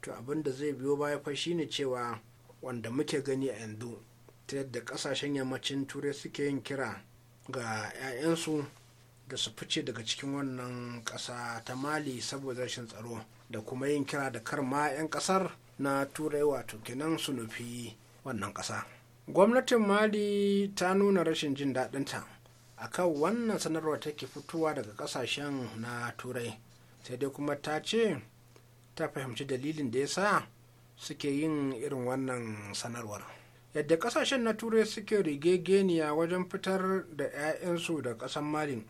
[SPEAKER 16] to abin da zai biyo baya fa shine cewa wanda muke gani a yanzu ta yadda ƙasashen yammacin turai suke yin kira ga 'ya'yansu da su fice daga cikin wannan ƙasa ta mali saboda rashin tsaro da kuma yin kira da kar ma 'yan ƙasar na turai wato kenan su nufi wannan ƙasa gwamnatin mali ta nuna rashin jin daɗinta kan wannan sanarwa take fitowa daga ƙasashen na turai sai dai kuma ta ce ta fahimci dalilin da ya sa suke yin irin wannan sanarwar yadda ƙasashen na turai suke rigegeniya wajen fitar da 'ya'yansu da ƙasar mali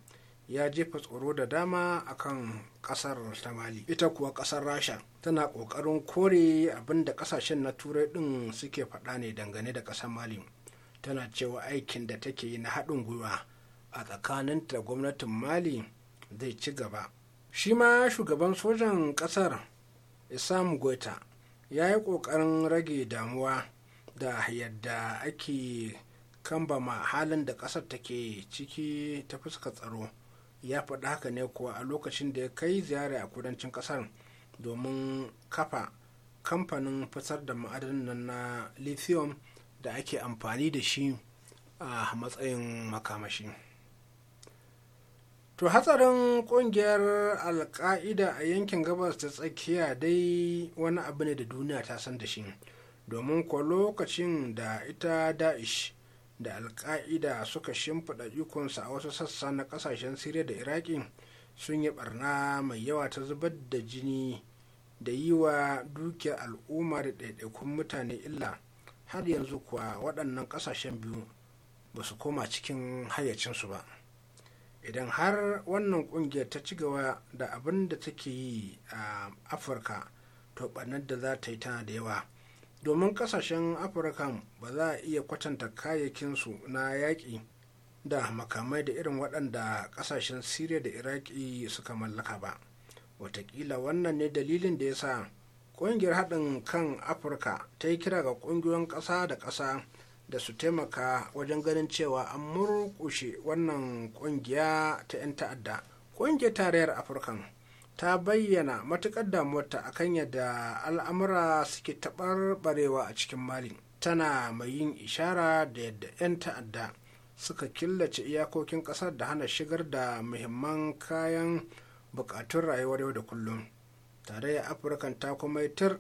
[SPEAKER 16] ya jefa tsoro da dama a kan kasar ta mali ita kuwa kasar rasha tana kokarin kore abinda da kasashen na turai din suke faɗa ne dangane da kasar mali tana cewa aikin da take yi na haɗin gwiwa a tsakanin da gwamnatin mali zai ci gaba shi ma shugaban sojan kasar isam goita ya yi kokarin rage damuwa da yadda ake kambama halin da kasar take ciki ta fuskar tsaro ya faɗa haka ne kuwa a lokacin da ya kai ziyara a kudancin ƙasar domin kafa kamfanin fitar da ma'adanin na lithium da ake amfani da shi a matsayin makamashi to hatsarin kungiyar alka'ida a yankin gabas ta tsakiya dai wani abu ne da duniya ta san da shi domin kuwa lokacin da ita da'ish da alka'ida suka shimfiɗa ikonsa a wasu sassa na ƙasashen siriya da iraki sun yi barna mai yawa ta zubar da jini da yi wa dukiyar al'umma da ɗaiɗaikun mutane illa har yanzu kuwa waɗannan ƙasashen biyu ba su koma cikin hayyacinsu ba idan har wannan ƙungiyar ta ci gaba da abin da take yi a afirka to ɓarnar da za ta yi tana da yawa domin kasashen afirka ba za a iya kwatanta kayayyakinsu na yaƙi da makamai da irin waɗanda kasashen siriya da iraki suka mallaka ba watakila wannan ne dalilin da ya sa ƙungiyar haɗin kan afirka ta yi kira ga ƙungiyoyin ƙasa da ƙasa da su taimaka wajen ganin cewa an murƙushe wannan ƙungiya ta 'yan ta'adda ƙungiyar tarayyar afirkan ta bayyana matuƙar damuwarta kan yadda al'amura suke taɓarɓarewa a cikin mali tana mai yin ishara da yadda 'yan ta'adda suka killace iyakokin ƙasar da hana shigar da muhimman kayan buƙatun rayuwar yau da kullum tare tarayyar afirka ta kuma tir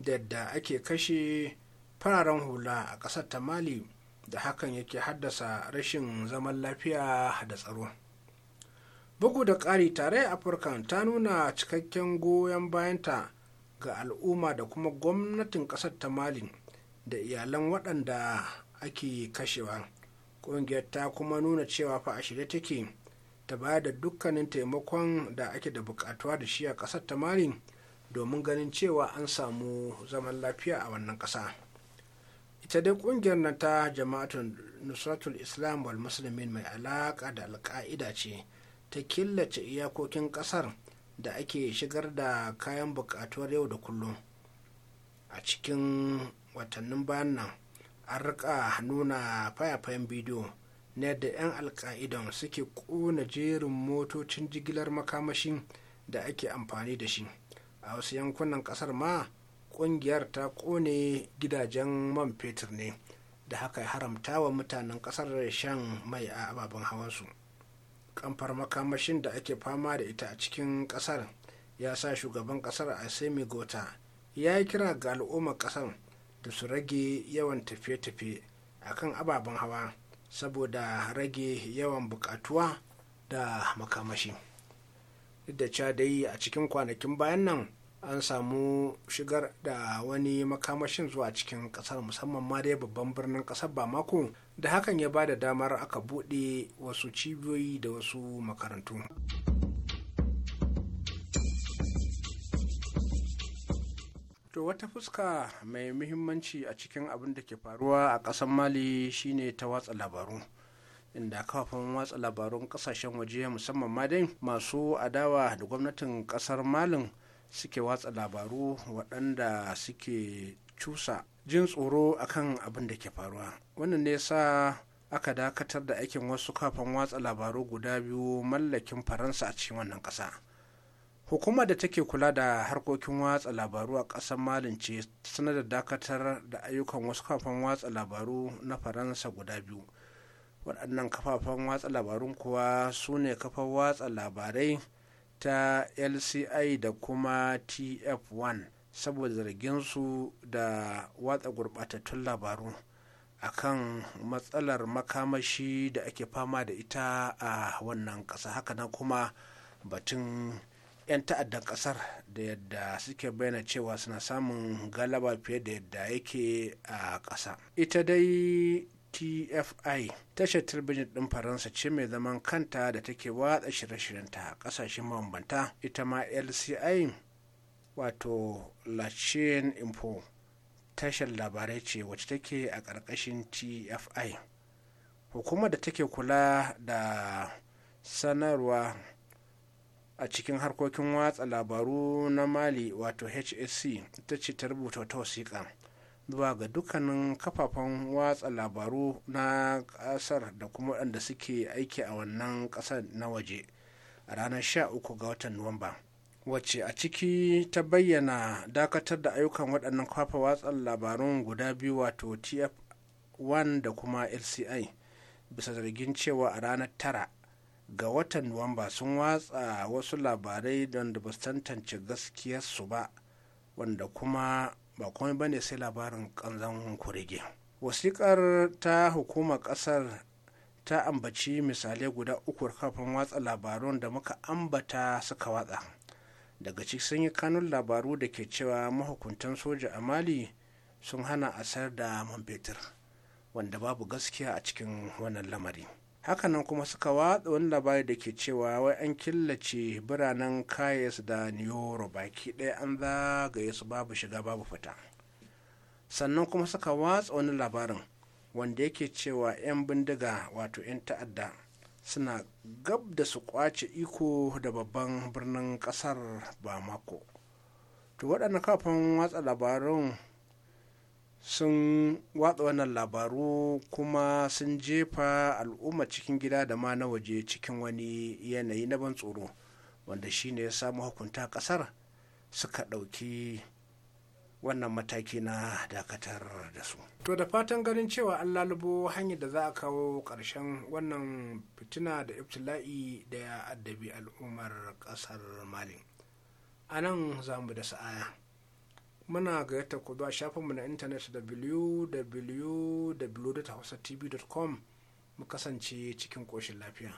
[SPEAKER 16] da yadda ake kashe fararen hula a ƙasar ta mali da hakan yake haddasa rashin zaman lafiya da tsaro. bugu da ƙari tare a afirka ta nuna cikakken goyon bayanta ga al'umma da kuma gwamnatin ƙasar ta mali da iyalan waɗanda ake kashewa ƙungiyar ta kuma nuna cewa fa a shirye take ta bayar da dukkanin taimakon da ake da buƙatuwa da shi a ƙasar ta mali domin ganin cewa an samu zaman lafiya a wannan ƙasa ita dai ƙungiyar nan ta jama'atun nusratul islam wal musulmin mai alaƙa da alƙa'ida ce ta killace iyakokin kasar da ake shigar da kayan buƙatuwar yau da kullum a cikin watannin bayan nan an rika nuna fayafayen bidiyo na yadda 'yan alka'idan suke ƙona jerin motocin jigilar makamashin da ake amfani da shi a wasu yankunan ƙasar ma ƙungiyar ta ƙone gidajen man fetur ne da haka haramta wa mutanen ƙasar shan mai a ababen hawansu. su kamfar makamashin da ake fama da ita a cikin kasar ya sa shugaban kasar a gota ya yi kira ga al'ummar kasar da su rage yawan tafiye-tafiye a kan ababen hawa saboda rage yawan bukatuwa da makamashi duk da ca dai a cikin kwanakin bayan nan an samu shigar da wani makamashin zuwa cikin kasar musamman ma dai babban birnin kasar mako? da hakan ya ba da damar aka buɗe wasu cibiyoyi da wasu makarantu to wata fuska mai muhimmanci a cikin abin da ke faruwa a ƙasar mali shine ta watsa labaru inda kafafen watsa labarun ƙasashen waje musamman ma dai masu adawa da gwamnatin ƙasar malin suke watsa labaru waɗanda suke cusa jin tsoro akan abin da ke faruwa wannan ne sa aka dakatar da aikin wasu kafan watsa labaru guda biyu mallakin faransa a cikin wannan ƙasa hukumar da take kula da harkokin watsa labaru a ƙasar malin ce sanar da dakatar da ayyukan wasu kafan watsa labaru na faransa guda biyu waɗannan kafafen watsa labarun kuwa su ne watsa labarai ta lci da kuma tf1 saboda zarginsu da watsa gurɓatattun labaru akan matsalar makamashi da ake fama da ita a wannan ƙasa haka nan kuma batun 'yan ta'addan ƙasar da yadda suke bayyana cewa suna samun galaba fiye da yadda yake a ƙasa ita dai tfi tashar talbijin ɗin faransa ce mai zaman kanta da take watsa shirye-shiryenta a bambanta mabambanta ita ma lci wato la chain info tashar labarai ce wacce take a ƙarƙashin tfi hukumar da take kula da sanarwa a cikin harkokin watsa labaru na mali wato hsc ita ce ta rubuta wata wasiƙa zuwa ga dukkanin kafafen watsa labaru na kasar da kuma waɗanda suke aiki a wannan ƙasar na waje a ranar 13 ga watan nuwamba wacce a ciki ta bayyana dakatar da ayyukan waɗannan kafa watsa labarun guda biyu wato tf1 da kuma lci bisa zargin cewa a ranar 9 ga watan nuwamba sun watsa wasu labarai don da ba su tantance gaskiyarsu ba wanda kuma ba komai ne sai labarin kanzan kurege Wasikar ta hukumar ƙasar ta ambaci misalai guda uku kafin watsa labarun da muka ambata suka watsa daga ciki sun yi kanun labaru da ke cewa mahukuntan soja a mali sun hana asar da man fetur wanda babu gaskiya a cikin wannan lamari. hakanan kuma suka watsa wani labari da ke cewa wai an killace biranen kayes da niyoro baki ɗaya an zagaye su babu shiga babu fita sannan kuma suka watsa wani labarin wanda yake cewa 'yan bindiga wato 'yan ta'adda suna gab da su kwace iko da babban birnin kasar mako, to waɗanda kafin watsa labarin? sun watsa wannan labaru kuma sun jefa al'umma cikin gida da ma na waje cikin wani yanayi na ban tsoro wanda shi ne ya samu hukunta kasar suka ɗauki wannan mataki na dakatar da su. To da fatan ganin cewa an lalubo hanyar da za a kawo ƙarshen wannan fitina da ibtila'i da ya addabi al'ummar ƙasar Mali. A nan za mu da sa'aya. muna gayyata ku zuwa shafinmu na intanet www.hausatv.com mu kasance cikin koshin lafiya.